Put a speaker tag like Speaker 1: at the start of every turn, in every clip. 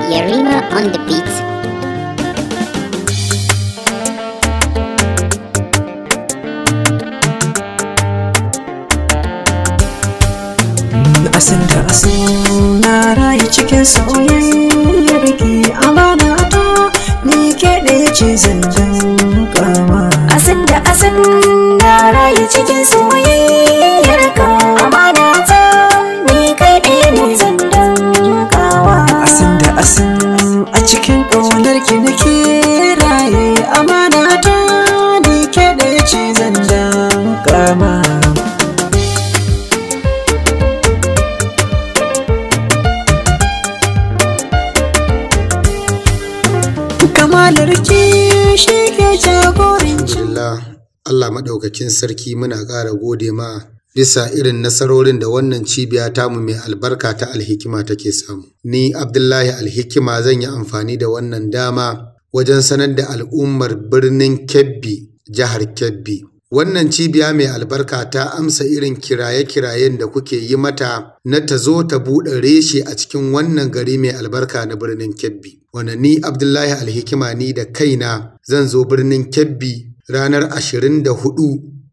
Speaker 1: Yarima on the beat.
Speaker 2: asin da asin na
Speaker 3: rayu cikin soyayyar ki amana ta ni ke ɗaya ce zan kama asin da asin na rayu cikin soyayyar
Speaker 4: sarkin sarki muna ƙara gode ma bisa irin nasarorin da wannan cibiya tamu mai albarka ta alhikima take samu. Ni Abdullahi alhikima zan yi amfani da wannan dama wajen sanar da al'ummar birnin Kebbi, jihar Kebbi. Wannan cibiya mai albarka ta amsa irin kiraye-kirayen da kuke yi mata na ta zo ta buɗe reshe a cikin wannan gari mai albarka na birnin Kebbi. Wanda ni Abdullahi alhikima ni da kaina zan zo birnin Kebbi ranar 24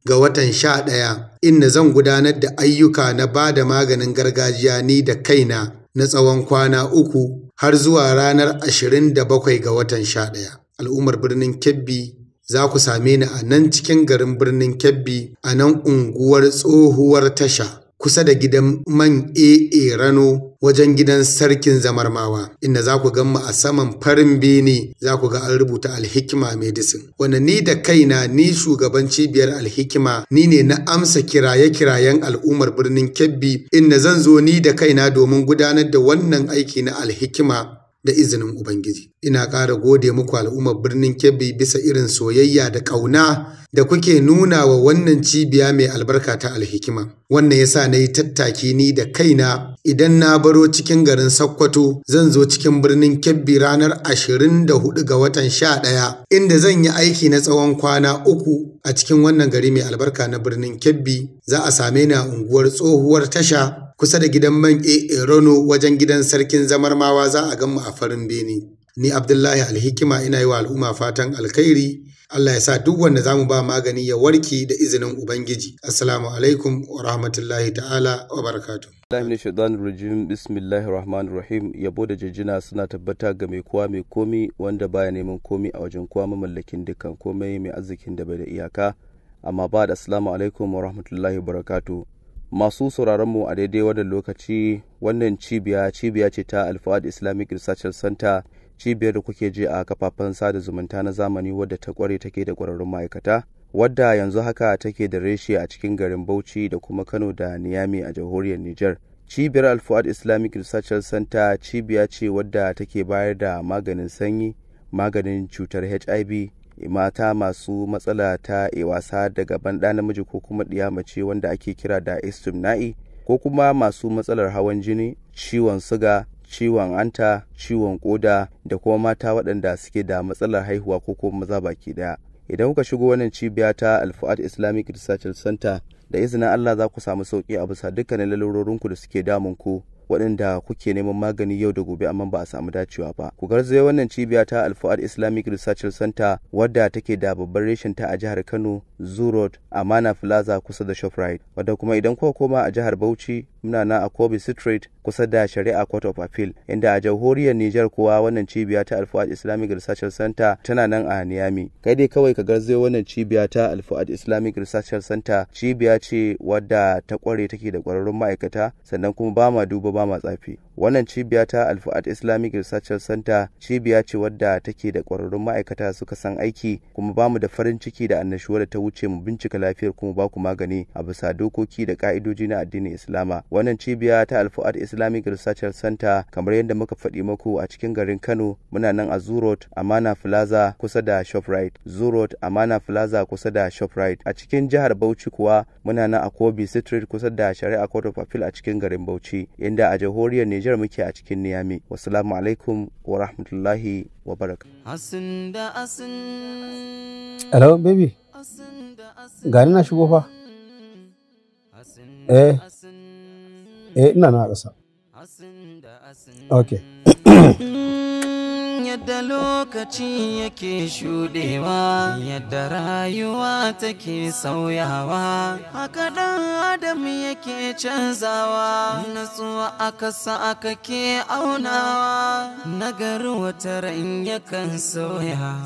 Speaker 4: ga watan 11 inda zan gudanar da ayyuka na ba da maganin gargajiya ni da kaina na tsawon kwana uku har zuwa ranar 27 ga watan 11 al'ummar birnin kebbi za ku same ni a nan cikin garin birnin kebbi a nan unguwar tsohuwar tasha kusa da gidan man AA Rano wajen gidan sarkin zamarmawa inda za ku gamma a saman farin bene za ku ga an rubuta alhikima medicine wanda ni da kaina ni shugaban cibiyar alhikima ni ne na amsa kiraye-kirayen al'ummar birnin Kebbi inda zan zo ni da kaina domin gudanar da wannan aiki na alhikima da izinin Ubangiji. Ina ƙara gode muku al'ummar birnin Kebbi bisa irin soyayya da ƙauna da kuke nuna wa wannan cibiya mai albarka ta alhikima. Wannan ya sa na yi tattaki ni da kaina idan na baro cikin garin Sokoto zan zo cikin birnin Kebbi ranar 24 ga watan 11 inda zan yi aiki na tsawon kwana uku a cikin wannan gari mai albarka na birnin Kebbi za a same ni a unguwar tsohuwar tasha kusa da gidan man AA Rono wajen gidan sarkin zamarmawa za a ganmu a farin bene. Ni Abdullahi Alhikima ina yi wa al'umma fatan alkhairi Allah ya sa duk wanda za mu ba magani ya warke da izinin Ubangiji. Assalamu alaikum wa rahmatullahi ta'ala wa barakatu.
Speaker 5: Allah ne shaidan rajim bismillahir rahman rahim yabo da jijjina suna tabbata ga mai kowa mai komi wanda baya neman komi a wajen kowa mamallakin dukkan komai mai arzikin da bai da iyaka amma ba da assalamu alaikum wa rahmatullahi wa barakatu. masu sauraronmu a daidai wannan lokaci wannan cibiya cibiya ce ta alfa'ad islamic research center cibiyar da kuke ji a kafafen sada zumunta na zamani wadda ta kware take da kwararrun ma'aikata wadda yanzu haka take da reshe a cikin garin bauchi da kuma kano da niyami a jamhuriyar niger cibiyar alfa'ad islamic research center cibiya ce wadda take bayar da maganin sanyi maganin cutar hiv mata masu matsala ta eh, wasa daga banɗa namiji ko kuma ɗiya mace wanda ake kira da istimna'i ko kuma masu matsalar hawan jini ciwon suga ciwon anta ciwon koda da kuma mata waɗanda suke da matsalar haihuwa ko kuma maza baki ɗaya idan kuka shigo wannan cibiya ta alfuad islamic research center da izinin allah za ku samu sauƙi a bisa dukkanin lalurorinku da suke damun ku waɗanda kuke neman magani yau da gobe amma ba a samu dacewa ba ku garzaye wannan cibiya ta alfuad islamic research center wadda take da babban reshen ta a jihar kano zurod amana plaza kusa da shoprite wadda kuma idan kuka koma a jihar bauchi muna na a Kobe Street kusa da Shari'a Court of Appeal inda a jamhuriyar Nijar kuwa wannan cibiya ta Alfuad Islamic Research Center tana nan a Niyami kai dai kawai ka garzayo wannan cibiya ta Alfuad Islamic Research Center cibiya ce wadda ta kware take da kwararrun ma'aikata sannan kuma ba ma duba ba ma tsafi wannan cibiya ta alfu'ad islamic research center cibiya ce wadda take da kwararrun ma'aikata suka san aiki kuma ba mu da farin ciki da annashuwa da ta wuce mu bincika lafiyar kuma ba ku magani a bisa dokoki da ka'idoji na addinin islama wannan cibiya ta alfu'ad islamic research center kamar yadda muka faɗi maku a cikin garin kano muna nan a zurot amana plaza kusa da shoprite zurot amana plaza kusa da shoprite a cikin jihar bauchi kuwa muna nan a kobi street kusa da shari'a court of appeal a cikin garin bauchi inda a jamhuriyar Nijar muke a cikin Niyami. Wassalamu alaikum wa rahmatullahi wa baraka. Hello
Speaker 6: baby. Gani na shigo fa? Eh. Eh ina na ƙasa.
Speaker 7: Okay. yadda lokaci yake shuɗewa yadda rayuwa take sauyawa haka ɗan adam yake canzawa natsuwa a sa aka ke aunawa nagari wata ran yakan sauya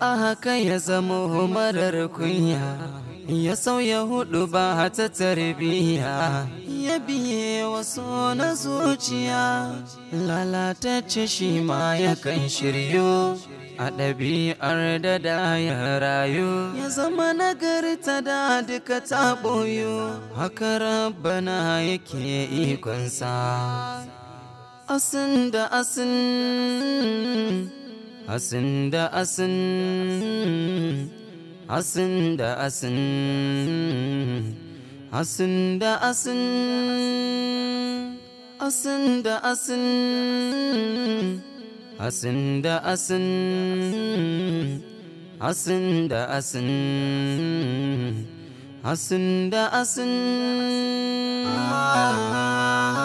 Speaker 7: a haka ya zama marar kunya ya sauya hudu ba ta tarbiya ya biye wasu na zuciya lalatacce shi ma ya kan shiryo a ɗabi'ar da da ya rayu ya zama nagarta da duka ta ɓoyo haka rabbana yake ikonsa asin da asin asin da asin Hassan da Hassan, Hassan da Hassan, Hassan da Hassan, Hassan da Hassan, da
Speaker 1: da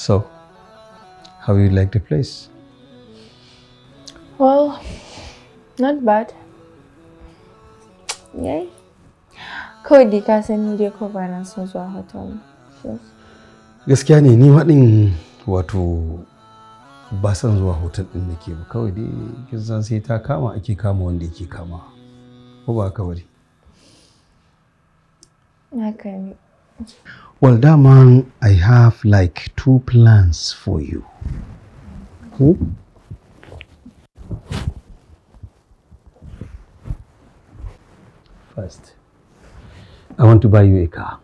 Speaker 6: So, how you like the place?
Speaker 3: Well, not bad. Yay. Kawai ka san ni dai ko ba na zuwa hotel.
Speaker 6: Gaskiya ne ni waɗin wato ba zuwa hotel ɗin da ke ba kawai dai sai ta kama ake kama wanda yake kama ko ba Well, man, I have like two plans for you. Who? First, I want to buy you a car.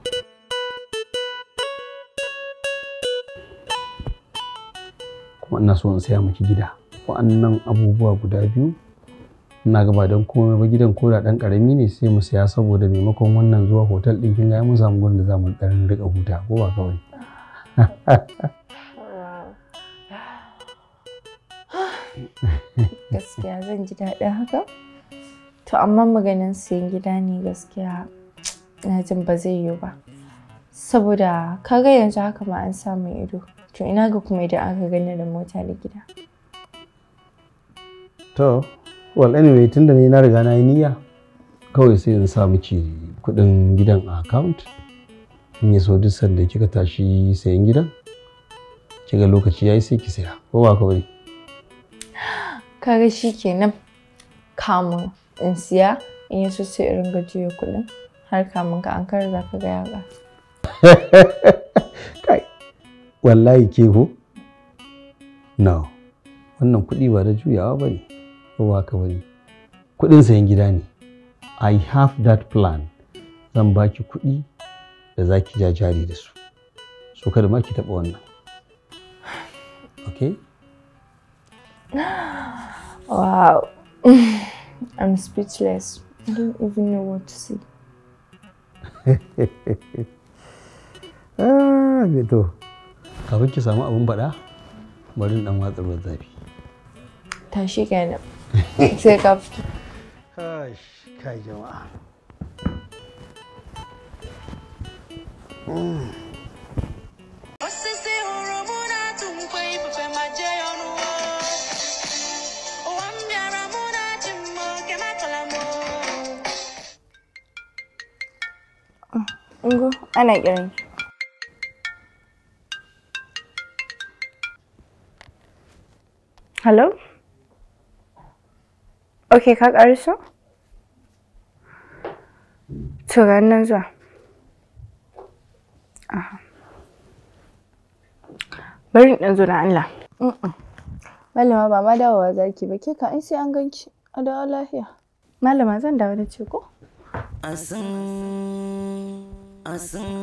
Speaker 6: Kuma ina so in saya miki gida. Wa'annan abubuwa guda biyu ina gaba don komai ba gidan koda dan karami ne sai mu siya saboda maimakon wannan zuwa hotel din kin ga mun samu gurin da za mu dan rika huta ko ba kawai
Speaker 1: gaskiya
Speaker 3: zan ji daɗin haka to amma maganin siyan gida ne gaskiya na jin ba zai yiwu ba saboda kaga yanzu haka ma an samu ido to ina ga kuma idan aka gani da mota da gida
Speaker 5: to
Speaker 6: well anyway tunda ne na riga na yi niyya kawai sai in sa miki kuɗin gidan a account in ya so duk sanda kika tashi sayan gidan kiga lokaci yayi sai ki saya ko ba kawai
Speaker 3: kaga kenan kamun in siya in ya so sai in ringa har kamun ka an za ka ga ya
Speaker 6: kai wallahi ke ko no wannan kuɗi ba da juyawa ba ne ba ka bari kuɗin sayan gida ne i have that plan zan baki kuɗi da za ki ja jari da su so kada ma ki taɓa wannan
Speaker 8: okay wow
Speaker 3: i'm speechless i don't even know what to say
Speaker 8: ah to kafin ki
Speaker 6: samu abin baɗa bari in ɗan watsa ruwan zafi
Speaker 3: tashi kenan sai ka fito
Speaker 6: kai jama'a
Speaker 3: ana kiran ki. Hello? ok ka ƙariso? to nan zuwa Aha. bari ɗan zo da Allah malama ba ma dawowa zaki ba ke ka in sai an ganki a dawo lafiya malama zan dawo da ce ko asin
Speaker 7: asin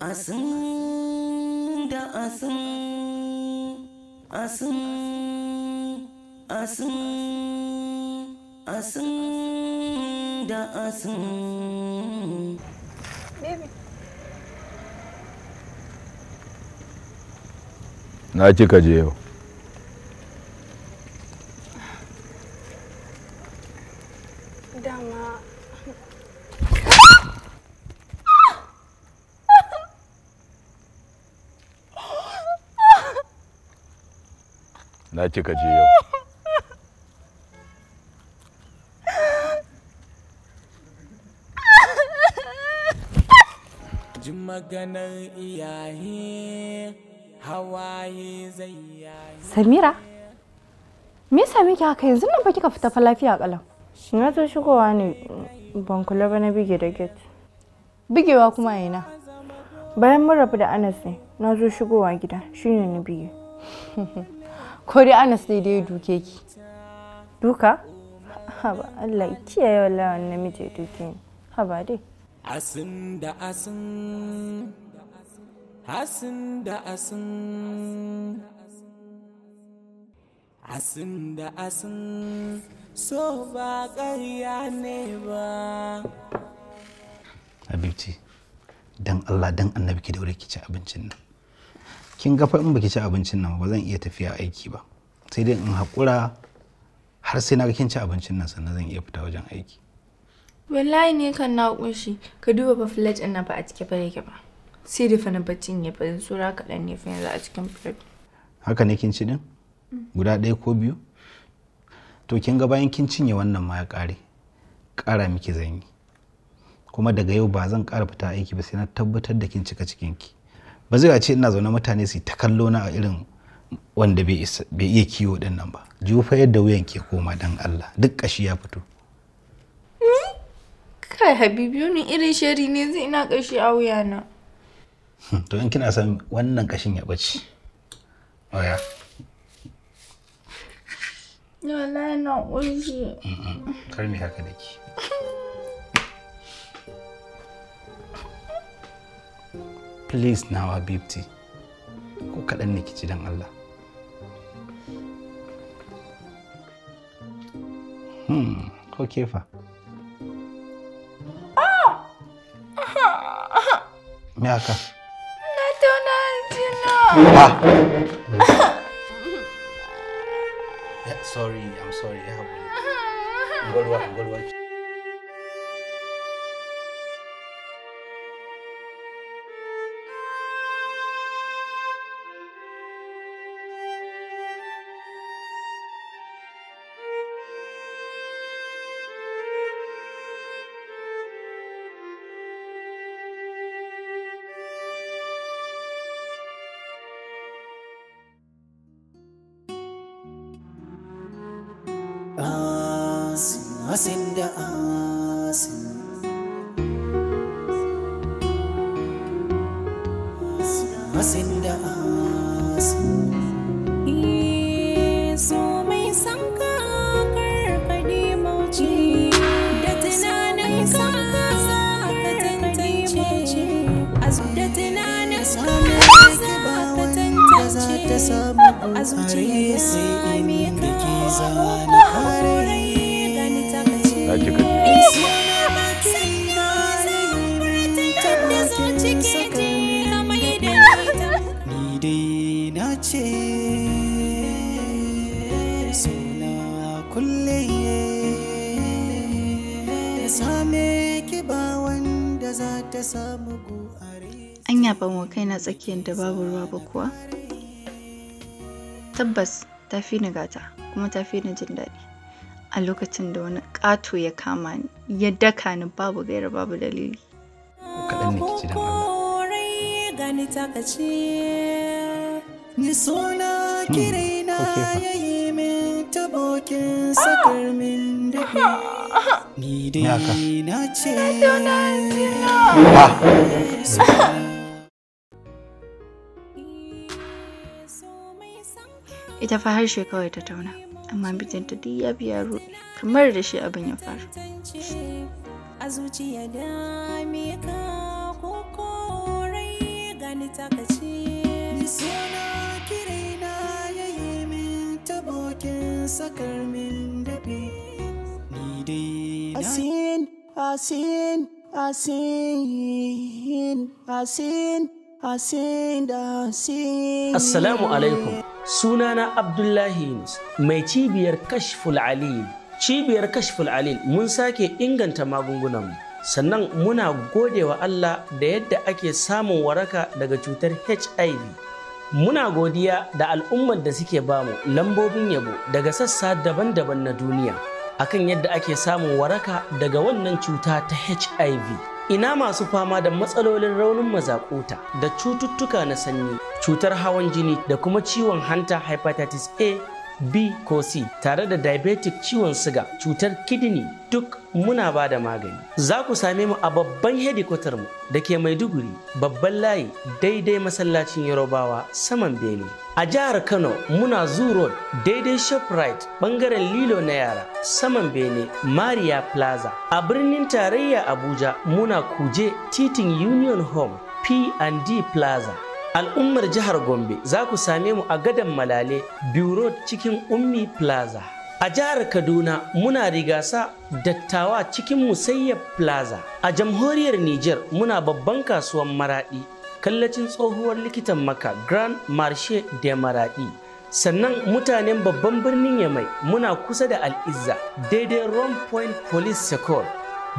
Speaker 7: asin da asin asin asin asin da asin
Speaker 9: na kika je yau
Speaker 5: na kika je yau
Speaker 10: maganar iyaye hawaye zai
Speaker 11: yaye samira me yasa miki haka
Speaker 3: yanzu nan ba kika fita fa lafiya kalam na zo shigowa ne ban kula ba na bige da gate bigewa kuma ina bayan mun rabu da anas ne na zo shigowa gida shine na bige ko dai anas ne dai duke ki duka haba Allah ya kiyaye wallahi wannan miji duke ni haba dai
Speaker 10: asin da asin asin da asin asin da asin
Speaker 2: so ba ƙarya ne ba
Speaker 6: abinci don allah don annabi ki daure ki ci abincin nan kin ga in baki ci abincin nan ba zan iya tafiya aiki ba sai dai in haƙura har sai na ga kin ci abincin nan sannan zan iya fita wajen aiki
Speaker 3: Wallahi ne kan na kunshi. Ka duba fa flat ɗin nan ba a cike bare ke ba. Sai da fana baccin ya fa tsura kaɗan ne fa a cikin flat.
Speaker 6: Haka ne kin ci din? Mm. Guda ɗaya ko biyu? To kin ga bayan kin cinye wannan ma ya ƙare. Ƙara miki zan yi. Kuma daga yau ba zan ƙara fita aiki ba sai na tabbatar da kin cika cikinki. Ba zai ce ina zaune mutane su ta kallo na a irin wanda bai iya kiwo ɗin nan ba. Jufa yadda wuyan ke koma dan Allah duk ƙashi ya fito.
Speaker 3: Kai Habibu ni irin shari ne zai ina kashi a wuyana.
Speaker 6: To in kina san wannan kashin ya bace. Oya.
Speaker 3: la na uji
Speaker 6: Kar mi haka dake. Please now Habibti. Ko kaɗan ne ki ji don Allah. Hmm, ko kefa. fa. me haka
Speaker 3: na tauna jina
Speaker 1: ah.
Speaker 6: sorry i'm sorry
Speaker 5: ya haƙuri gwalwa gwalwa
Speaker 2: same ki ba wanda za ta
Speaker 3: samu gu'are an yaba kaina tsakiyar da babu ruwa ba kuwa tabbas ta fi ni gata kuma ta fi ni jin daɗi a lokacin da wani ƙato ya kama ni ya daka ni babu gaira babu dalili
Speaker 2: kaɗan ne Ni suna kirina hmm, yayi kin ah! sakar min da ni dai na ce
Speaker 3: ita fa harshe kawai ta tauna amma mijinta duk ya biya ruɗe kamar da shi abin ya faru
Speaker 11: a zuciya da
Speaker 2: me ka ko ko rai gani takace sakar min dafi ni dai asin asin asin asin asin da asin
Speaker 1: assalamu alaikum
Speaker 10: sunana abdullahi yunus mai cibiyar kashful alim cibiyar kashful alim mun sake inganta magungunan mu. sannan muna gode wa allah da yadda ake samun waraka daga cutar hiv Muna godiya da al'ummar da suke bamu lambobin yabo daga sassa daban-daban na duniya akan yadda ake samun waraka daga wannan cuta ta HIV. Ina masu fama da matsalolin raunin mazakuta da cututtuka na sanyi, cutar hawan jini da kuma ciwon hanta hepatitis A b ko c tare da diabetic ciwon siga cutar kidney duk muna ba da magani za ku same mu a babban hedikwatar mu da ke maiduguri babban layi daidai masallacin yarobawa saman bene a jihar kano muna zoo road daidai shoprite bangaren lilo na yara saman bene maria plaza a birnin tarayya abuja muna kuje titin union home p&d plaza Al'ummar jihar Gombe za ku same mu a gadon Malale, biro cikin Ummi Plaza. A jihar Kaduna muna rigasa dattawa cikin musayyar Plaza. A jamhuriyar Nijar muna babban kasuwan Maraɗi, kallacin tsohuwar likitan maka Grand Marche de Maradi. Sannan mutanen babban birnin Yamai muna kusa da Al'izza daidai Rome Point Police Secor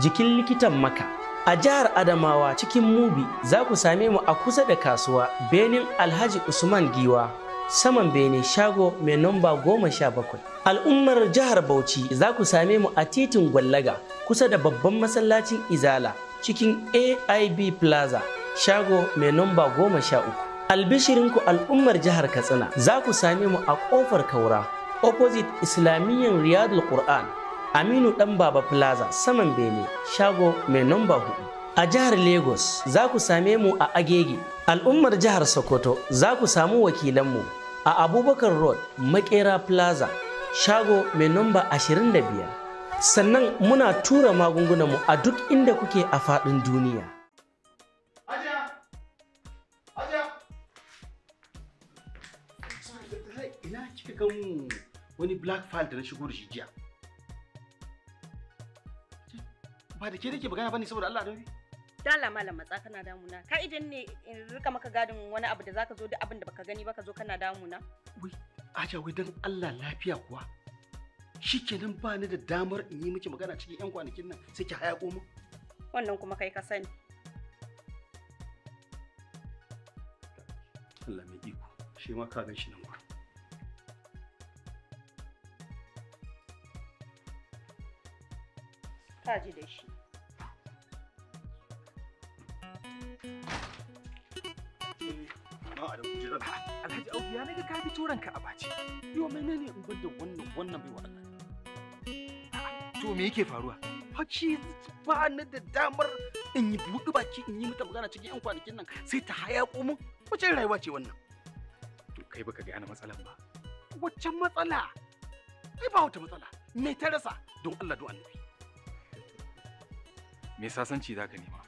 Speaker 10: jikin likitan maka. A jihar Adamawa cikin Mubi za ku same mu a kusa da kasuwa Benin Alhaji Usman Giwa saman Benin shago mai namba goma sha bakwai. Al'ummar jihar Bauchi za ku same mu a titin Gwallaga kusa da babban masallacin Izala cikin AIB Plaza shago mai namba goma sha uku. Albishirinku al'ummar jihar Katsina za ku same mu a ƙofar Kaura opposite Islamiyyar Riyadul Qur'an aminu dan baba plaza saman bene shago mai namba hudu a jihar lagos za ku same mu a agege al'ummar jihar sokoto za ku samu wakilanmu a abubakar road makera plaza shago mai namba 25 sannan muna tura magungunanmu a duk inda kuke a faɗin duniya
Speaker 6: wani black file da na shigo da shi jiya Ba da ke nake magana bane saboda Allah annabi.
Speaker 11: Dala malam matsa kana damuna. Ka idan ne in rika maka gadin wani abu da zaka zo duk abin da baka gani ba ka zo kana damuna.
Speaker 6: Wai, aja wai dan Allah lafiya kuwa. Shikenan ba ni da damar in yi miki magana cikin 'yan kwanakin nan sai ki haya goma.
Speaker 11: Wannan kuma kai ka sani.
Speaker 6: Allah mai iko, shi ma ka gan shi nan gurin.
Speaker 2: Ka ji da shi.
Speaker 1: kan adam ku jira
Speaker 6: alhaji audu ya naga ka fito ranka a bace yo menene in bar da wannan wannan baiwa Allah to
Speaker 8: me yake faruwa
Speaker 6: haki ba ni da damar in yi buɗe baki in yi mata magana cikin 'yan kwanakin nan sai ta haya mun wace rayuwa ce wannan to kai baka ga ana matsalan ba wacce matsala ai ba wata matsala me ta rasa don Allah don annabi me sasanci zaka nema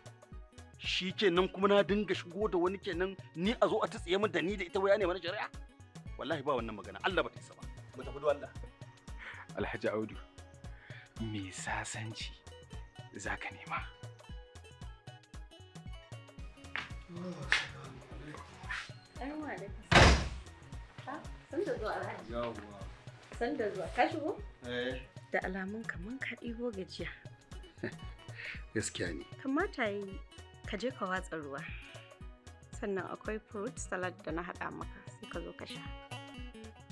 Speaker 6: shi kenan kuma na dinga shigo da wani kenan ni a zo a tsiye min da ni da ita waya ne mana shari'a wallahi ba wannan magana Allah ba ta isa ba mu tafi da Allah Alhaji Audu me sasanci zaka nema
Speaker 3: Ɗanwa da ka san da zuwa zuwa. Ka shigo?
Speaker 6: Eh.
Speaker 11: Da alamun kaman ka ɗibo gajiya.
Speaker 6: Gaskiya ne.
Speaker 11: Kamata yi ka je ka watsa ruwa sannan akwai fruit salad da na haɗa maka sai ka zo ka sha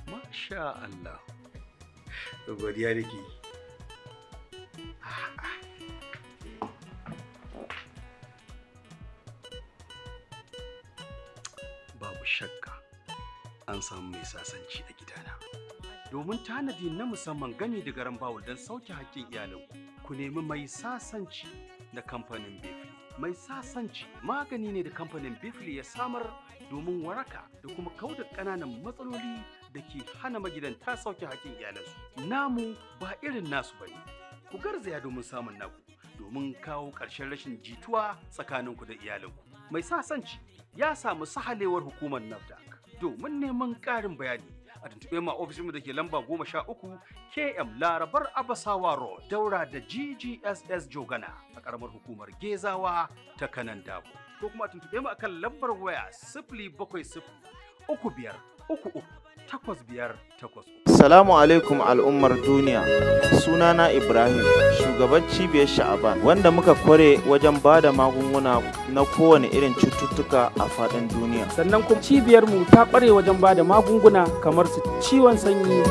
Speaker 11: masha
Speaker 6: Allah godiya nake babu shakka an samu mai sasanci a gidana domin tanadi na musamman gani da garan bawul don sauke hakkin iyalinku ku nemi mai sasanci na kamfanin befa mai sasanci magani ne da kamfanin bifli ya samar domin waraka da kuma kauda ƙananan matsaloli da ke hana magidanta sauke hakin iyalansu namu ba irin nasu bane ku garzaya domin samun naku domin kawo ƙarshen rashin jituwa tsakaninku da iyalanku mai sasanci ya samu sahalewar hukumar nafdak domin neman ƙarin bayani a tuntube ma ofishinmu da ke lamba goma sha KM Larabar Abasawa Road daura da GGSS Jogana a karamar hukumar Gezawa ta Kanan Dabo. Ko kuma a tuntube mu akan lambar waya sifili bakwai uku biyar
Speaker 1: uku uku takwas
Speaker 12: Salamu alaikum al'ummar duniya sunana Ibrahim shugaban cibiyar sha'aban wanda muka kware wajen ba da magunguna na kowane irin cututtuka a faɗin duniya. Sannan kuma cibiyarmu ta kware wajen ba da magunguna kamar su ciwon sanyi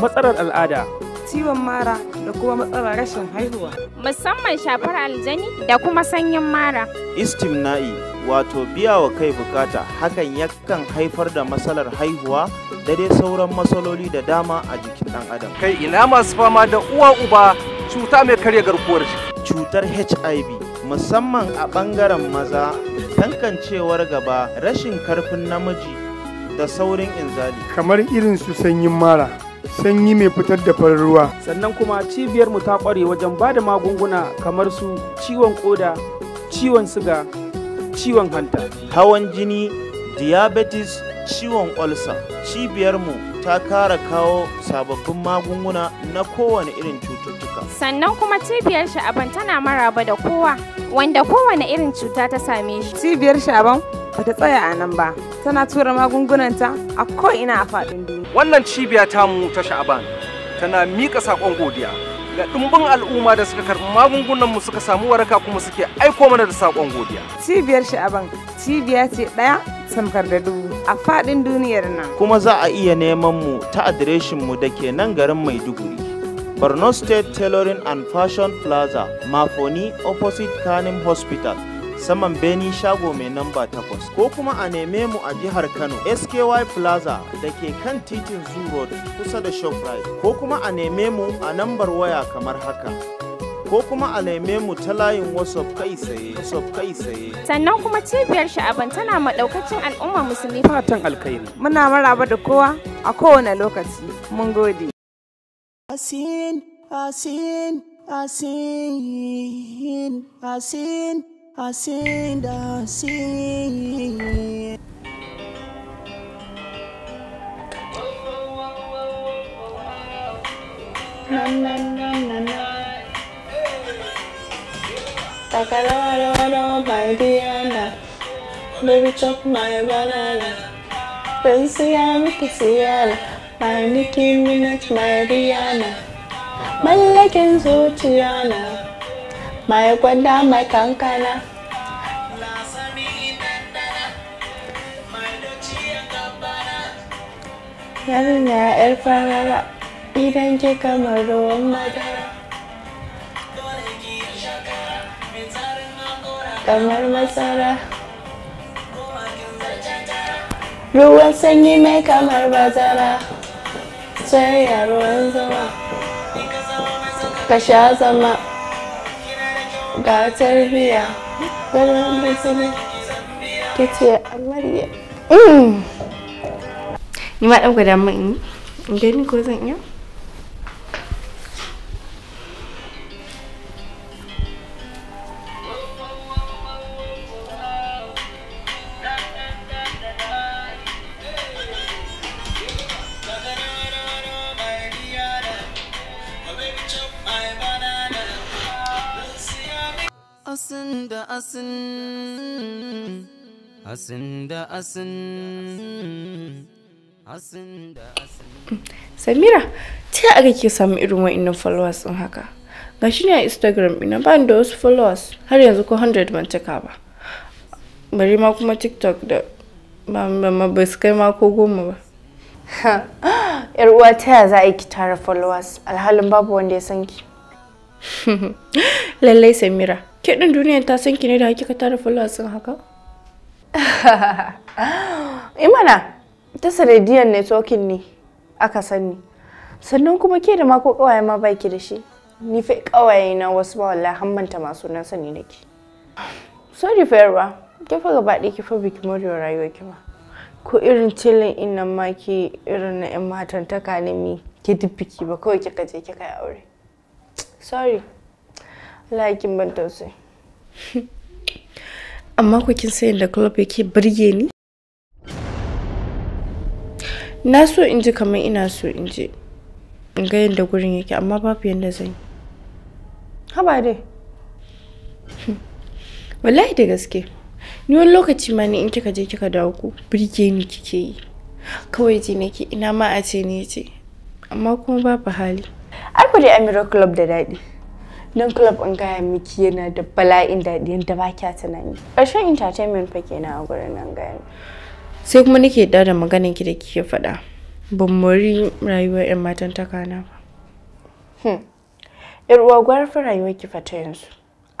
Speaker 12: matsalar al'ada
Speaker 11: ciwon mara da kuma matsalar rashin haihuwa. Musamman shafar aljani da kuma sanyin mara.
Speaker 12: Istimna'i wato biya wa kai bukata hakan yakan haifar da matsalar haihuwa da dai sauran matsaloli da dama a jikin ɗan adam. Kai ina masu fama da uwa uba cuta mai karya garkuwar jiki. Cutar HIV musamman a ɓangaren maza tankancewar gaba rashin karfin namiji da saurin inzali.
Speaker 4: Kamar irin su sanyin mara. sanyi mai fitar da farin ruwa
Speaker 12: sannan kuma cibiyar mu ta kware wajen ba da magunguna kamar su ciwon ƙoda, ciwon siga ciwon hanta hawan jini diabetes ciwon olsa cibiyar mu ta kara kawo sababbin magunguna na kowane irin cututtuka
Speaker 11: sannan kuma cibiyar sha'aban tana maraba da kowa wanda kowane irin cuta ta same shi cibiyar sha'aban ba ta tsaya a nan ba tana tura magungunanta a ko'ina a faɗin duniya.
Speaker 6: Wannan cibiya tamu ta sha'aban tana miƙa saƙon godiya ga ɗumbin al'umma da suka karɓi magungunan mu suka samu waraka kuma suke aiko mana da saƙon godiya.
Speaker 11: Cibiyar sha'aban cibiya ce ɗaya tamkar da dubu a faɗin duniyar nan.
Speaker 12: Kuma za a iya neman mu ta adireshin mu da ke nan garin Maiduguri. Borno State Tailoring and Fashion Plaza, Mafoni opposite Kanim Hospital. saman beni shago mai namba takwas ko kuma a neme mu a jihar kano sky plaza da ke kan titin zoo road kusa da shoprite ko kuma a neme mu a nambar waya kamar haka ko kuma a neme mu ta layin WhatsApp kai tsaye.
Speaker 11: kai tsaye. Sannan kuma cibiyar sha'aban tana maɗaukacin al'umma musulmi fatan alkhairi. Muna maraba da kowa a kowane lokaci. Mun gode.
Speaker 2: Asin, asin, asin, asin. Ascenda, ascenda. Na na Baby, chop my banana. Pensiana, Pensiana. My Nicki my Rihanna.
Speaker 3: My leggings, Otiana. Oh, mai kwanda mai kankana yarinya yar farara idan ke kamar ruwan madara kamar masara
Speaker 2: ruwan sanyi mai kamar bazara soyayya ruwan zama
Speaker 3: ka sha zama ga tarbiyya ganin bisani ta ce amarya mm. ni ma ɗan gwada min in gani ko zan iya
Speaker 7: asin asin da asin asin da asin
Speaker 3: samira ta aka ke samu irin wa'annan followers din haka ga shi ne a instagram ina ban da wasu followers har yanzu ko 100 ban cika ba bari ma kuma tiktok da ba su kai ma ko goma ba yar uwa ta za a yi ki tara followers alhalin babu wanda ya san ki lallai samira ke din duniyar ta san ki ne da kika tara followers haka imana eh ta sanadiyar networking ne aka sani sannan kuma ke da mako kawaye ma ba ki da shi ni fa kawaye na wasu ba wallahi hammanta masu nan sani nake sorry fa ke fa gaba ɗaya ki fa biki morewa rayuwar ki ba ko irin cilin innan ma ki irin na 'yan matan ta kanimi ki dubbi ki ba kawai kika je kika yi aure sorry Lakin ban tausayi. Amma ku kin san yadda club yake birge ni? Na so in ji kamar ina so in je. In ga yadda gurin yake amma babu yadda zan yi. Haba dai. Wallahi da gaske. Ni wani lokaci ma ni in kika je kika dawo ku birge ni kike yi. Kawai ji nake ina ma a ce ni ce. Amma kuma babu hali. Ai ku dai Amira Club da daɗi. nan club in gaya miki yana da bala'in daɗi da ba kya tunani ƙarshen entertainment fa kenan a gurin nan gani sai kuma nake da da maganin ki da kike faɗa ban mori rayuwar 'yan matan ta kana ba hmm. yar uwa fa rayuwar ki fata yanzu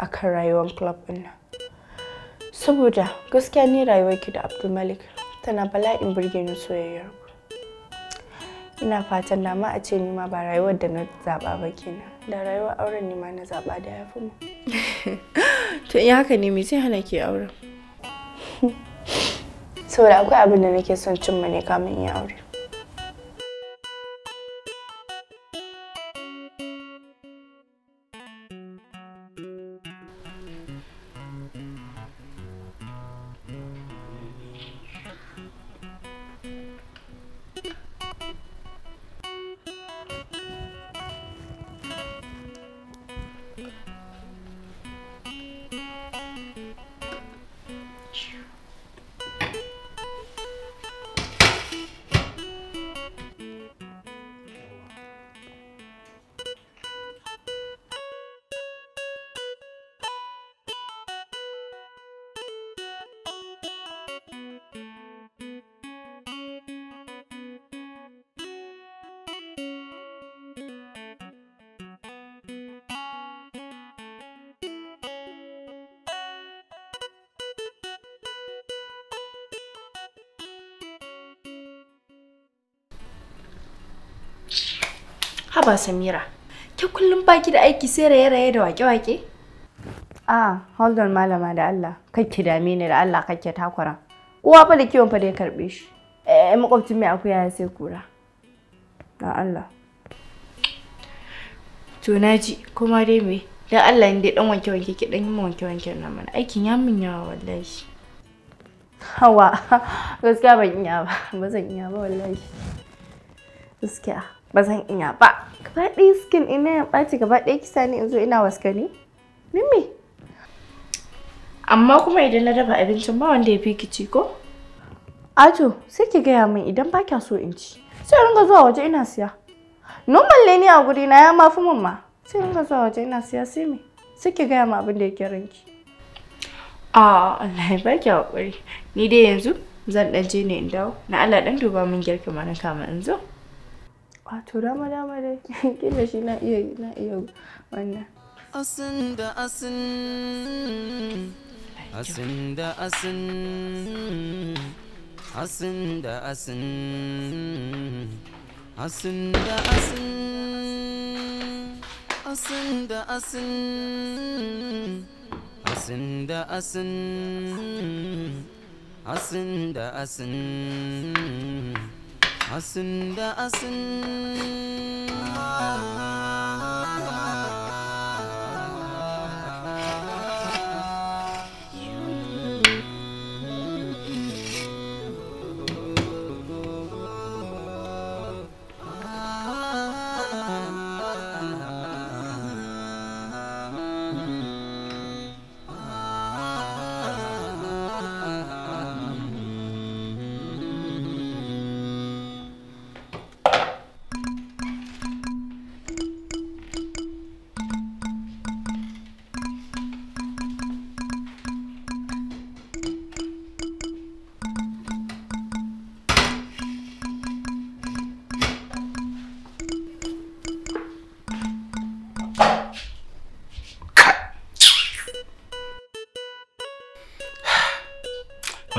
Speaker 3: akan rayuwar club din nan saboda gaskiya ne rayuwar ki da abdulmalik tana bala'in burge ni soyayyar ina fatan da ma a ce ni ma ba rayuwar da na zaba ba kenan da rayuwar auren ne ma na zaɓa da ya fi mu to in haka ne mai sai hana ke auren saboda akwai abin da nake son cimma ne kamun in yi aure Haba Samira, ke kullum baki da aiki sai raye-raye da wake-wake? Ah, hold on malama da Allah, ki dame ni da Allah kake takura. Kowa fa da kiwon fa da ya karbe shi. Eh, eh makwabcin mai akuya ya sai kura. Da Allah. To naji, kuma dai me? Dan Allah in dai dan wanke-wanke ki dan yi wanke-wanke nan mana. Aikin ya mun yawa wallahi. Hawa, gaskiya ban iya ba, ba zan iya ba wallahi. Gaskiya. ba zan iya ba gaba ɗaya skin ina ya ɓaci gaba ɗaya kisa ne in zo ina waskani ne mimi amma kuma idan na dafa abincin ba wanda ya fi kici ko Ajo sai ki gaya min idan ba kya so in ci sai ringa zuwa waje ina siya normal ne ni a guri na ya mafi mun ma sai ringa zuwa waje ina siya sai me sai ki gaya min abin da yake ranki a Allah ya baki hakuri ni dai yanzu zan dan je ne in dawo na Allah dan duba min girki ma na kama in zo wato dama-dama dai kila shi na iya na iya wannan asin da asin
Speaker 7: asin da asin asin da asin asin da asin asin da asin asin asin da asin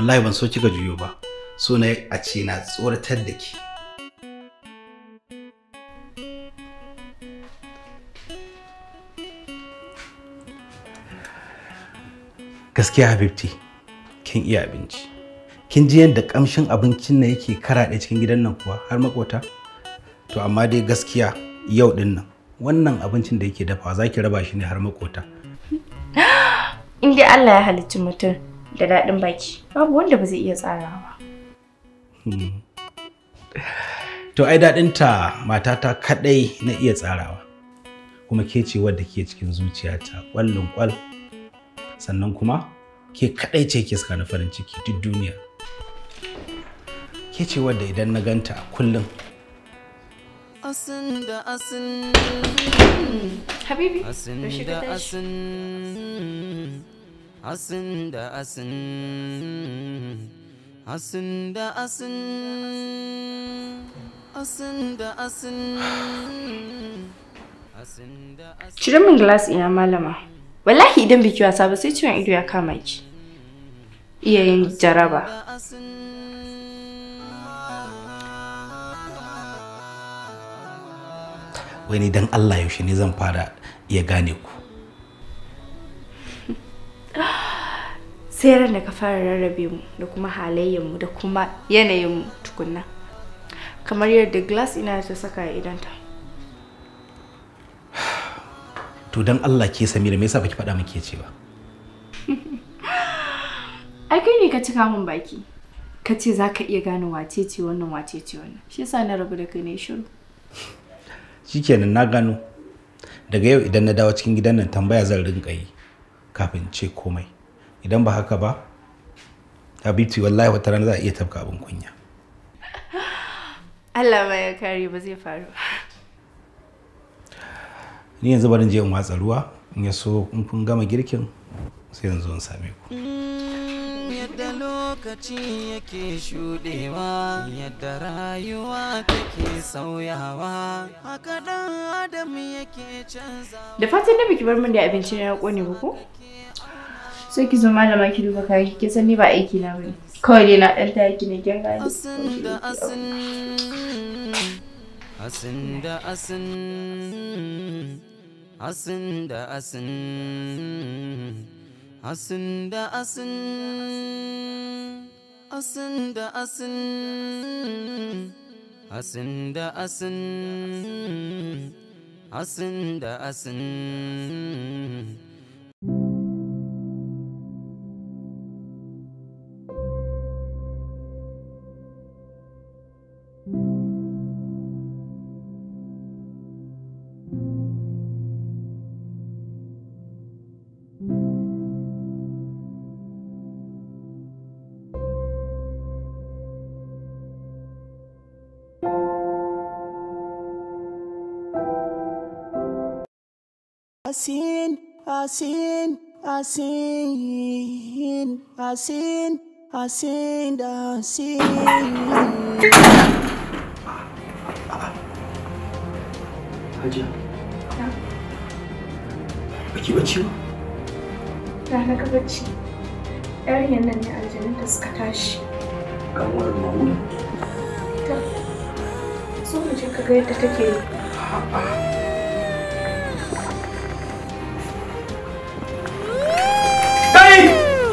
Speaker 6: wallahi ban so kika juyo ba so na a ce na tsoratar da ki gaskiya habibti kin iya abinci kin ji yadda kamshin abincin nan yake karaɗe cikin gidan nan kuwa har makota to amma dai gaskiya yau din nan wannan abincin da yake dafawa za raba shi ne har makota
Speaker 3: in dai Allah ya halicci mutum da daɗin baki babu wanda ba zai iya tsarawa
Speaker 6: hmm. to ai daɗinta matata kaɗai na iya tsarawa kuma ke ce wadda ke cikin zuciyata ƙwallon ƙwal sannan kuma ke kaɗai ce ke saka na farin ciki duk duniya ke ce wadda idan na ganta a kullum
Speaker 7: hmm.
Speaker 3: habibi tashi
Speaker 7: Asin da asin, Asin da asin, Asin da asin. Asin
Speaker 3: asin da Cire min glass ina malama. Wallahi idan biki wasa ba sai ciwon ido ya kama
Speaker 11: ki. Iyayen jaraba.
Speaker 6: Wani dan Allah yaushe ne zan fara iya gane ku.
Speaker 3: sai ran da ka fara rarrabe mu da kuma mu da kuma yanayin mu tukunna kamar yadda glass ina ta saka a idanta
Speaker 6: to don allah ke samira me yasa baki faɗa min ke ce ba
Speaker 3: ai kai ne ka cika min baki ka ce za ka iya gane wace ce wannan wace ce wannan shi yasa na rabu da kai ne shiru
Speaker 6: shikenan na gano daga yau idan na dawo cikin gidan nan tambaya zan rinka yi kafin ce komai idan ba haka ba habibti wallahi wata rana za a iya tafka abin kunya
Speaker 3: Allah ba ya kare ba zai faru
Speaker 6: ni yanzu barin je in watsa ruwa in ya so in kun gama girkin sai yanzu in same ku mm, yadda
Speaker 7: lokaci yake shudewa yadda
Speaker 3: rayuwa take sauyawa haka dan adam yake canzawa da fatan da biki bar min da abinci na kone ku. sai ki zo malama ki duba kayan ki san ni ba aiki na bane kawai dai na dan taki ne kin gani asin da asin
Speaker 7: asin da asin asin da asin asin da asin asin da asin asin da asin
Speaker 2: Asin, Asin, Asin, Asin, Asin Asin. Hajiya. bacci ba? Rana ka Yarinyar nan ne aljanun suka tashi. So mu je ga yadda take. yi.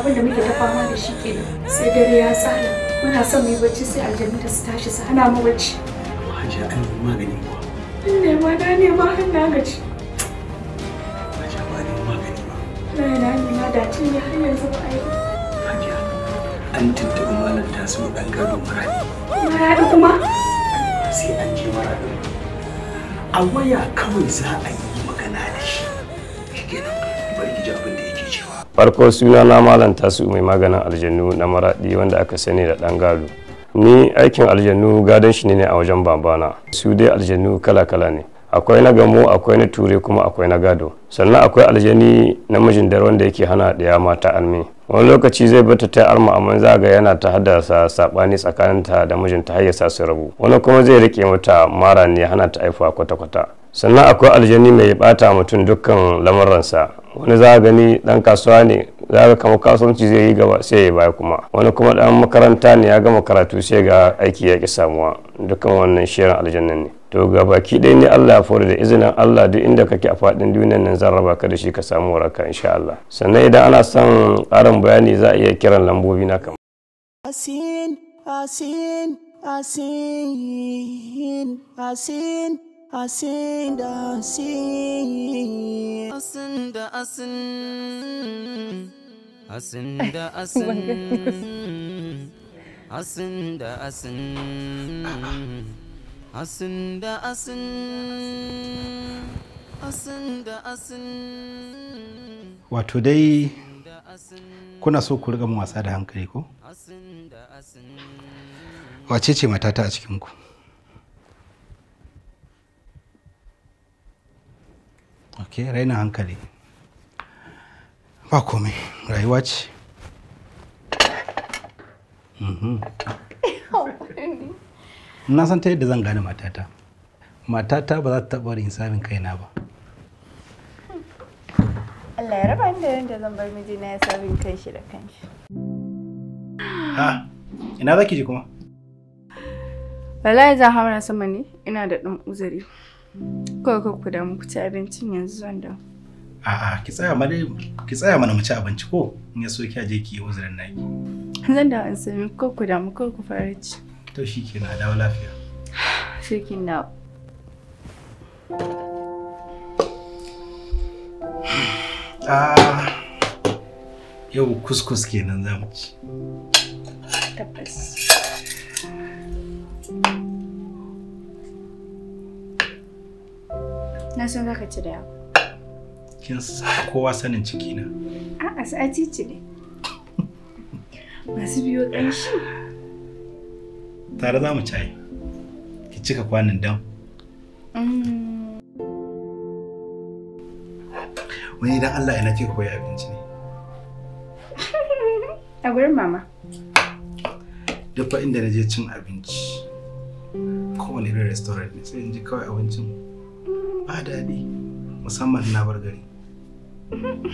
Speaker 2: abin da muke ta fama da shi kenan sai dare ya tsara muna son mu yi bacci sai aljanu ta su tashi su hana mu bacci
Speaker 12: hajiya an yi magani kuwa
Speaker 2: ne ma na ne ma har na gaci. hajiya ba ne magani ba na na ne na da tun ne har yanzu ba a yi hajiya
Speaker 6: an tuntuɓi malam ta su ɗan gado maradi
Speaker 10: maradi kuma
Speaker 2: sai an je maradi a waya kawai za a yi
Speaker 6: farko suna na malam tasu mai maganin aljannu na maraɗi wanda aka sani da dan gado ni aikin aljannu gadon shi ne a wajen babana su dai aljannu kala-kala ne akwai na gamo akwai na ture kuma akwai na gado sannan akwai aljani namijin dare wanda yake hana ɗaya mata almi wani lokaci zai bata ta arma amma ga yana ta haddasa sabani tsakaninta da mijinta har ya sa su rabu wani kuma zai rike mata mara ne hana ta aifa kwata-kwata sannan akwai aljani mai bata mutum dukkan lamuransa wani za gani dan kasuwa ne za ga kama kasuwanci zai yi gaba sai ya baya kuma wani kuma dan makaranta ne ya gama karatu sai ga aiki ya ki samuwa dukkan wannan shirin aljannan ne to ga baki ɗaya ne Allah ya fara da izinin Allah duk inda kake a faɗin duniyar nan zan raba ka da shi ka samu waraka insha Allah sannan idan ana
Speaker 10: son ƙarin bayani za a iya kiran lambobi na kamar
Speaker 2: asin asin asin asin Asinda asin Asinda asin
Speaker 7: Asinda asin Asinda asin Asinda asin Asinda asin Wato dai kuna so ku riga mu wasa da hankali ko?
Speaker 6: Wace ce matata a cikinku? ok raina hankali ba komai rayuwa ce mhm. na san ta yadda zan gane matata matata ba za ta taɓa samun kaina ba
Speaker 3: Allah ya raba ni da yadda zan bar mijina ya sabin kanshi da kanshi
Speaker 6: ha ina zaki ji kuma
Speaker 3: wallahi za haura sama ne ina da ɗan uzuri Koko ka ku damu ku ci abincin yanzu zan da.
Speaker 6: A'a ki tsaya ma dai ki tsaya mana mu ci abinci ko in ya so ki aje ki yi na
Speaker 3: naki. Zan da an sami ko da damu ko fara ci.
Speaker 6: To shikenan dawo lafiya.
Speaker 3: Shikenan.
Speaker 6: Ah, yau kuskus kenan zamu ci. Tabbas.
Speaker 3: Na san za ka ci da yawa.
Speaker 6: Kin kowa sanin ciki na.
Speaker 3: A'a a ci ne. Masu biyo ƙanshi.
Speaker 6: Tare za mu ci Ki cika kwanan dam.
Speaker 1: Mm.
Speaker 6: Wani idan Allah ina ke koyi abinci ne.
Speaker 3: A gurin mama.
Speaker 6: Duk fa inda na je cin abinci. Kowane irin restaurant ne sai in ji kawai abincin. ba daɗi musamman na bar gari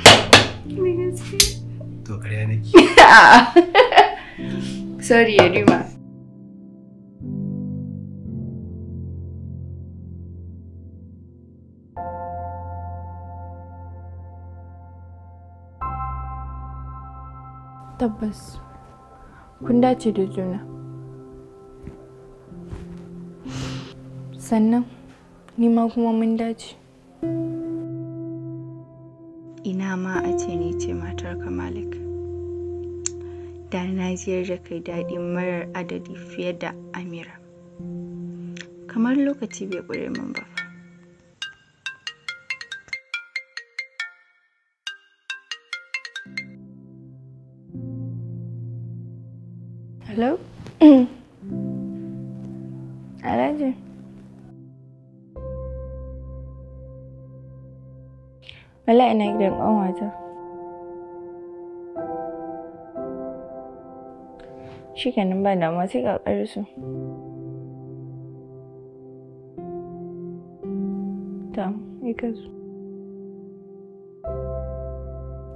Speaker 6: to
Speaker 3: ƙarya nake sorry ya yarima tabbas kun dace da juna sannan nima kuma mun dace ina ma a ce ni ce matar malik da na ziyar da kai daɗi marar adadi fiye da amira kamar lokaci bai ƙure min ba
Speaker 1: hello
Speaker 3: Wallahi ina gidan ƙanwata. Shi kenan ba damuwa sai ƙaƙar su. Tá, e caso.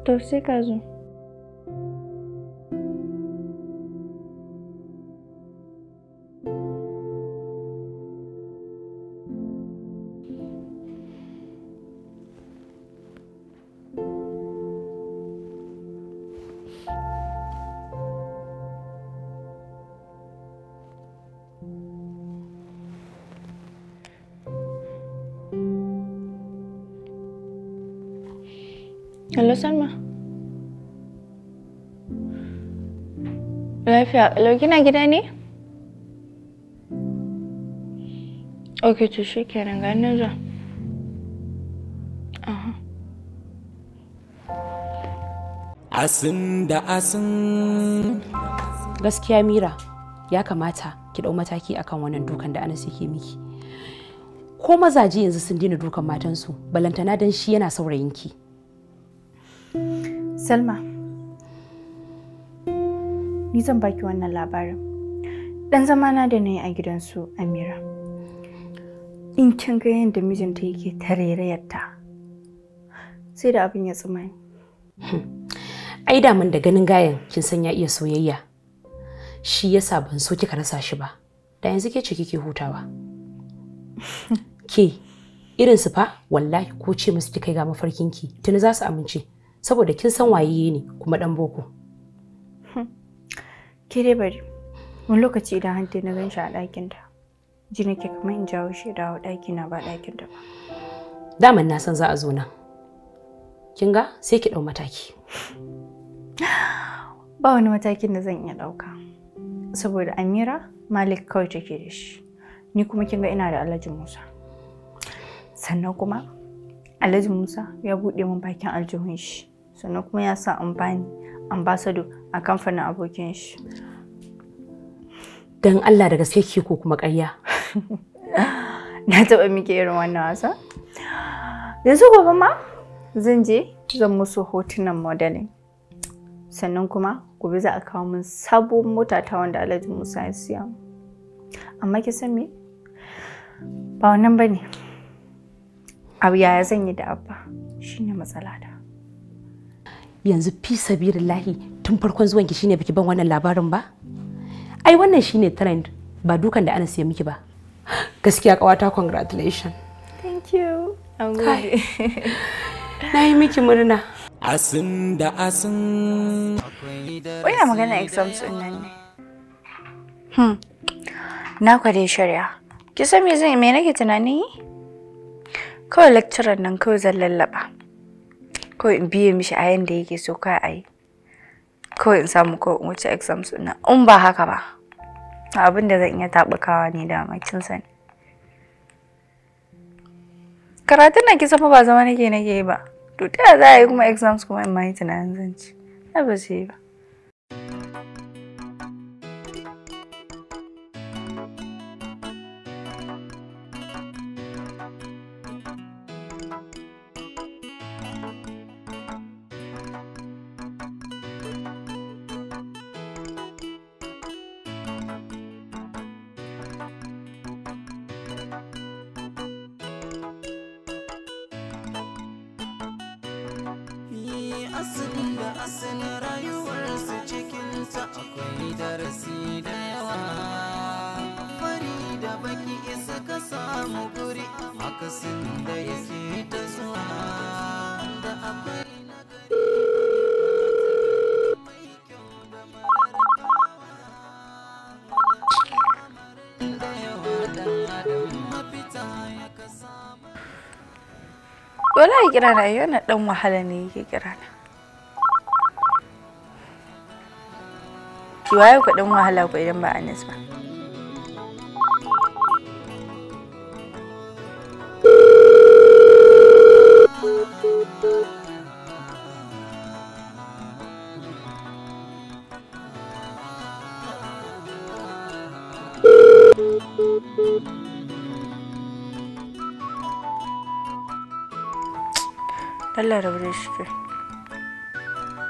Speaker 3: Torcer caso.
Speaker 10: Asin da asin.
Speaker 11: Gaskiya Mira, ya kamata ki ɗau mataki akan wannan dukan da Anas yake miki. ko mazaje yanzu sun daina dukan matansu balantana dan shi yana saurayinki. ki Salma,
Speaker 3: ni zan baki wannan labarin. Dan zamana da na yi a gidansu Amira. In kin ga yadda mijinta yake
Speaker 11: tarerayarta,
Speaker 3: sai da abin ya tsumani.
Speaker 11: Hmm. Ai da mun da ganin gayan kin san ya iya soyayya. Shi yasa ban so kika rasa shi ba. Da yanzu ke kike hutawa. Ke irin su fa wallahi ko ce musu kika ga mafarkinki tuni za su amince. saboda kin san waye ne kuma dan boko
Speaker 3: hmm. ke dai bari wani lokaci idan hante na gan shi a ɗakin ta ji nake kamar in jawo shi dawo ɗaki na ba ɗakin ta ba
Speaker 11: daman na san za a zo nan kin ga sai ki ɗau mataki
Speaker 3: ba wani matakin da zan iya ɗauka saboda amira malik kawai take da shi ni kuma kin ga ina da alhaji musa sannan kuma Alhaji Musa ya buɗe min bakin aljihun shi sannan kuma ya sa an bani ambasado a kamfanin abokin shi.
Speaker 11: Don Allah da gaske ki ko kuma ƙarya.
Speaker 3: Na taɓa miki irin wannan wasa. Yanzu gobe ma zan je zan musu hotunan modeling. Sannan kuma gobe za a kawo min sabon mota ta wanda Alhaji Musa ya siya. Amma ki san me? Ba wannan ba
Speaker 11: abu ya zan yi da abba
Speaker 3: shine matsala da
Speaker 11: yanzu fi sabirillahi tun farkon zuwan ki shine baki ban wannan labarin ba ai wannan shine trend ba dukan da anas ya miki ba gaskiya kawata congratulations thank you na yi miki murna
Speaker 10: asin da asin
Speaker 3: na magana exams sun nan ne hmm na kwade shari'a ki san me zan yi me nake tunanin kawai lecturer nan kawai zan lallaba kawai in biye mishi a yanda yake so ka a yi kawai in samu kawai in wuce exam suna in ba haka ba abin da zan iya taɓukawa ne da sa ne. karatun na kisa fa ba zama nake nake ba to ta za a yi kuma exams kuma in ma yi tunanin zan ci na ba yi ba Wala kira na yun at ang ni Iki kira na. Iwaya eh, ko at ang mahala ko ilang ba, Thank you. Allah raure shi ke.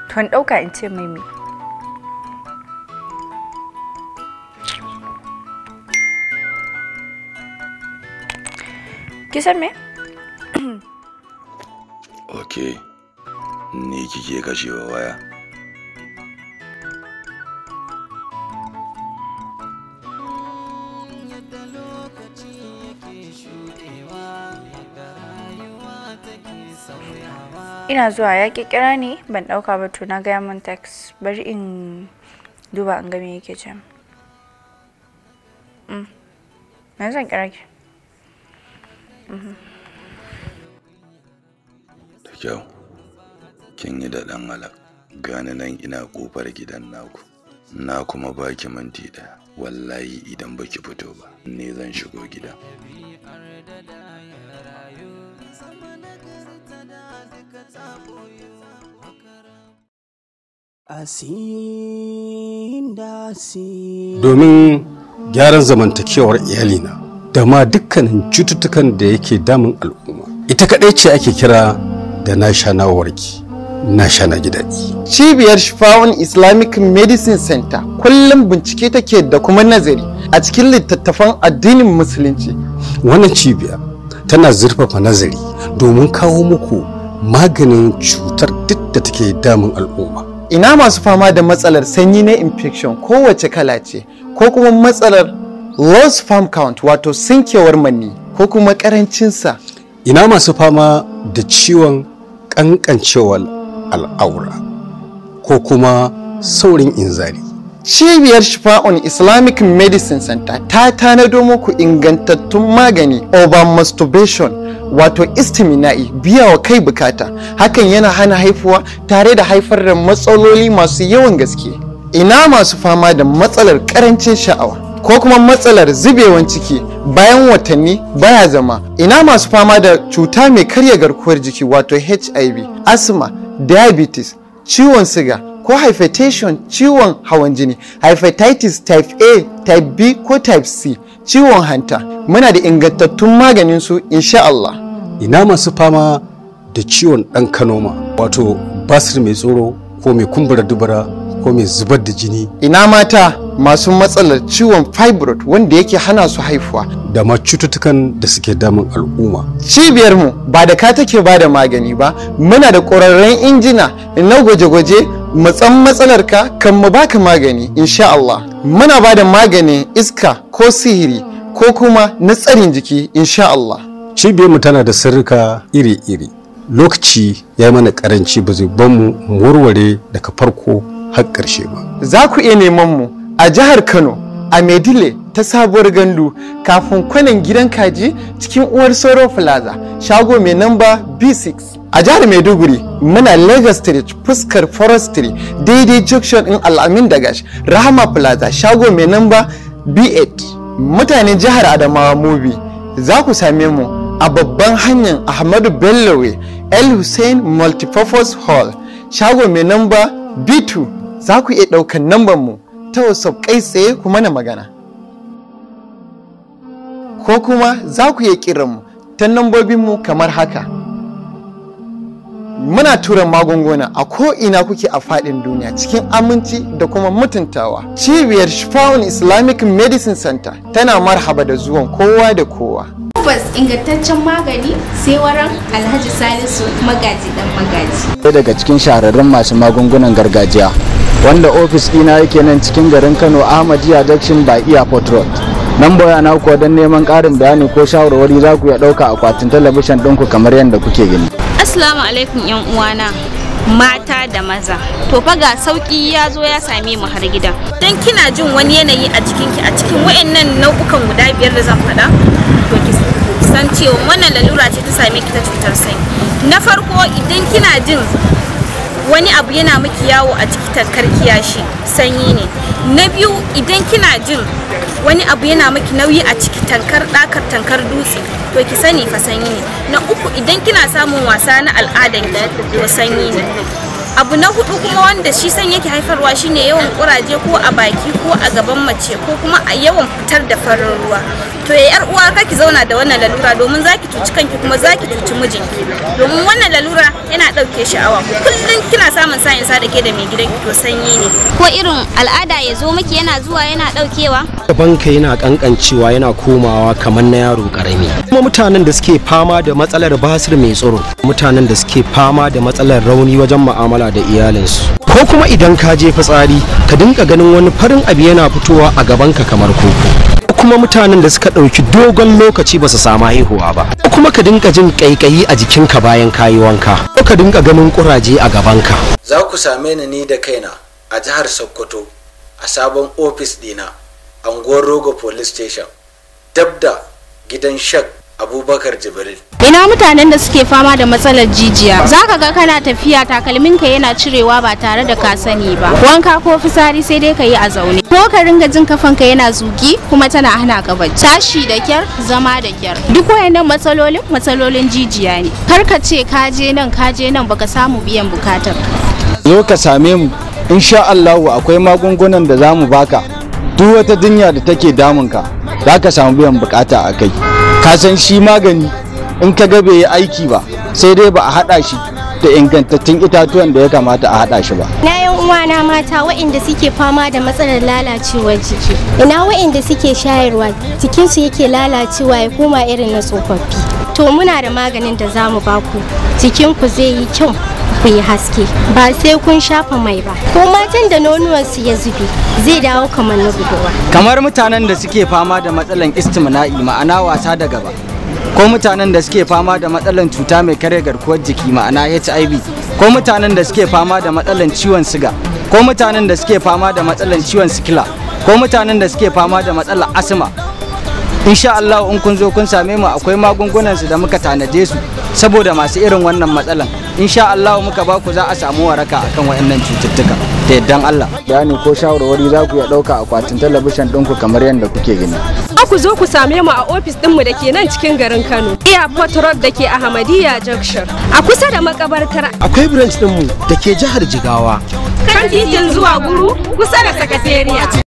Speaker 3: To ɗauka in ce mai me. Kisan me?
Speaker 5: Ok, ni kike kashewa waya.
Speaker 7: ina
Speaker 3: zuwa ya kira ne ban ɗauka ba to na gaya mun tax bari in duba an game yake can mm. na zan kira ki mm-hmm.
Speaker 9: da kyau kin yi da dan alak gane nan ina kofar gidan naku na kuma baki minti ɗaya wallahi idan baki fito ba ne zan shigo gidan
Speaker 6: Domin gyaran zamantakewar iyalina da ma dukkanin cututtukan da yake damun al'umma. Ita kaɗai ce ake kira da na sha na warki, na sha na ji
Speaker 8: Cibiyar Shifawun Islamic Medicine Center kullum bincike take da kuma nazari a cikin littattafan addinin Musulunci. Wannan cibiya
Speaker 6: tana zurfafa nazari domin kawo muku maganin cutar duk da take damun al'umma
Speaker 8: ina masu fama da matsalar sanyi na infection kowace kala ce ko kuma matsalar loss farm count wato sinkewar manni ko kuma karancinsa ina masu fama da ciwon ƙanƙancewar al'aura ko kuma saurin inzari Cibiyar Shifa'un Islamic Medicine Center ta tanado muku ingantattun magani over masturbation wato istimina'i biya wa kai bukata hakan yana hana haifuwa tare da haifar da matsaloli masu yawan gaske ina masu fama da matsalar karancin sha'awa ko kuma matsalar zubewan ciki bayan watanni baya zama ina masu fama da cuta mai karya garkuwar jiki wato hiv asma diabetes ciwon siga ko hypertension ciwon hawan jini hepatitis type a type b ko type c ciwon hanta muna da ingantattun maganin su insha Allah ina masu
Speaker 6: fama da ciwon ɗan kanoma wato basir mai tsoro ko mai kumbura
Speaker 8: dubura ko mai zubar da jini ina mata masu matsalar ciwon fibroid wanda yake hana su haifuwa da ma cututtukan da suke damun al'umma cibiyarmu ba da ka take ba da magani ba muna da ƙwararren injina na gwaje-gwaje matsan matsalar ka kan mu baka magani insha Allah muna ba da maganin iska ko sihiri ko kuma na tsarin jiki insha Allah Cibiyar mu tana da sirrika
Speaker 6: iri-iri lokaci ya mana karanci ba zai ban mu warware daga farko har ƙarshe ba
Speaker 8: za ku iya neman mu a jihar Kano a Medile ta sabuwar gandu kafin kwanan gidan kaji cikin uwar Soro Plaza shago mai namba B6 a jihar maiduguri muna lagos street fuskar forestry daidai junction in al'amin da gash rahama plaza shago mai namba b8 mutanen jihar adamawa mubi za ku same mu a babban hanyar ahmadu bellowe el hussein multipurpose hall shago mai namba b2 za ku iya ɗaukar namban mu ta wasu kai tsaye kuma na magana ko kuma za ku iya kiran mu ta mu kamar haka muna tura magunguna a ko'ina kuke a fadin duniya cikin aminci da kuma mutuntawa cibiyar shifawun islamic medicine center tana marhaba da zuwan kowa da kowa
Speaker 11: tabbas ingantaccen magani sai waran alhaji salisu magaji dan magaji
Speaker 9: sai daga cikin shahararrun masu magungunan gargajiya wanda ofis ɗina yake nan cikin garin kano ahmadiyya jackson by airport road nan boya na kuwa don neman ƙarin bayani ko shawarwari za ku iya ɗauka akwatin talabishin ɗinku kamar yadda
Speaker 5: kuke gani
Speaker 11: Assalamu alaikum yan uwana mata da maza to fa ga sauki ya zo ya same mu har gida dan kina jin wani yanayi a a cikin wayannan nau'ukan guda biyar da zan faɗa to ki san cewa wannan lalura ce ta same ki ta cutar sai na farko idan kina jin wani abu yana miki yawo a cikin tankar shi sanyi ne na biyu idan kina jin wani abu yana maki nauyi a ciki tankar ɗakar tankar dutse to ki sani fa sanyi ne na uku idan kina samun wasa na al'adan ki to sanyi ne abu na hudu kuma wanda shi san yake haifarwa shine yawan kuraje ko a baki ko a gaban mace ko kuma a yawan fitar da farin ruwa to ya yar uwa kaki zauna da wannan lalura domin zaki cuci kanki kuma zaki cuci mijinki domin wannan lalura yana dauke sha'awa kullum kina samun sa'in sa da da mai gidanki to sanyi ne ko irin al'ada ya zo miki yana zuwa yana daukewa
Speaker 6: gaban ka yana kankancewa yana komawa kamar na yaro karami kuma mutanen da suke fama da matsalar basir mai tsoro mutanen da suke fama da matsalar rauni wajen ma'amala da iyalinsu ko kuma idan ka je fitsari ka dinka ganin wani farin abu yana fitowa a gaban ka kamar koko Ko kuma mutanen da suka ɗauki dogon lokaci ba su samu haihuwa ba Ko kuma ka dinka jin ƙaiƙayi a jikinka bayan kayi wanka ko ka dinka ganin kuraje a gabanka
Speaker 9: za ku same ni ni da kaina a jihar sokoto a sabon ofis dina anguwar rogo police station Dabda gidan shak abubakar jibril
Speaker 11: ina mutanen da suke fama da matsalar jijiya Za ka ga kana tafiya takalminka yana cirewa ba tare da ka sani ba wanka ko fisari sai dai ka yi a zaune ko ka ringa jin kafan ka yana zugi kuma tana hana ka bacci tashi da kyar zama da kyar duk wayannan matsalolin matsalolin jijiya ne kar ka ce ka je nan ka je nan baka samu biyan bukatar
Speaker 9: zo ka same mu insha Allah akwai magungunan da zamu baka duk wata dunya da take damunka za ka samu biyan bukata a kai kasan shi magani in ka ga bai aiki ba sai dai ba a haɗa shi da ingantattun itatuwan da ya kamata a haɗa shi ba.
Speaker 5: Na yan uwana mata waɗanda suke fama da matsalar lalacewar jiki. Ina waɗanda suke shayarwa cikinsu yake lalacewa ya koma irin na tsofaffi. To muna da maganin da za mu baku. Jikinku zai yi kyau ku yi haske ba sai kun shafa mai ba ko matan da nonuwansu ya zube zai dawo kamar na gudowa
Speaker 9: kamar mutanen da suke fama da matsalan istimna'i ma'ana wasa da gaba ko mutanen da suke fama da matsalan cuta mai karya garkuwar jiki ma'ana hiv ko mutanen da suke fama da matsalan ciwon siga ko mutanen da suke fama da matsalan ciwon sikila ko mutanen da suke fama da matsalan asma insha Allah in kun zo kun same mu akwai magungunan su da muka tanaje su saboda masu irin wannan matsalan insha Allah muka ba ku za a samu waraka akan waɗannan cututtuka da yaddan Allah bayani ko shawarwari za ku iya ɗauka akwatin talabishin ɗinku kamar yadda kuke gani
Speaker 11: Za ku zo ku same mu a ofis ɗinmu da ke nan cikin garin Kano airport road dake ke Ahmadiyya
Speaker 1: junction a kusa da makabartar
Speaker 9: akwai branch ɗinmu da ke jihar Jigawa
Speaker 1: kan titin zuwa guru kusa da sakatariya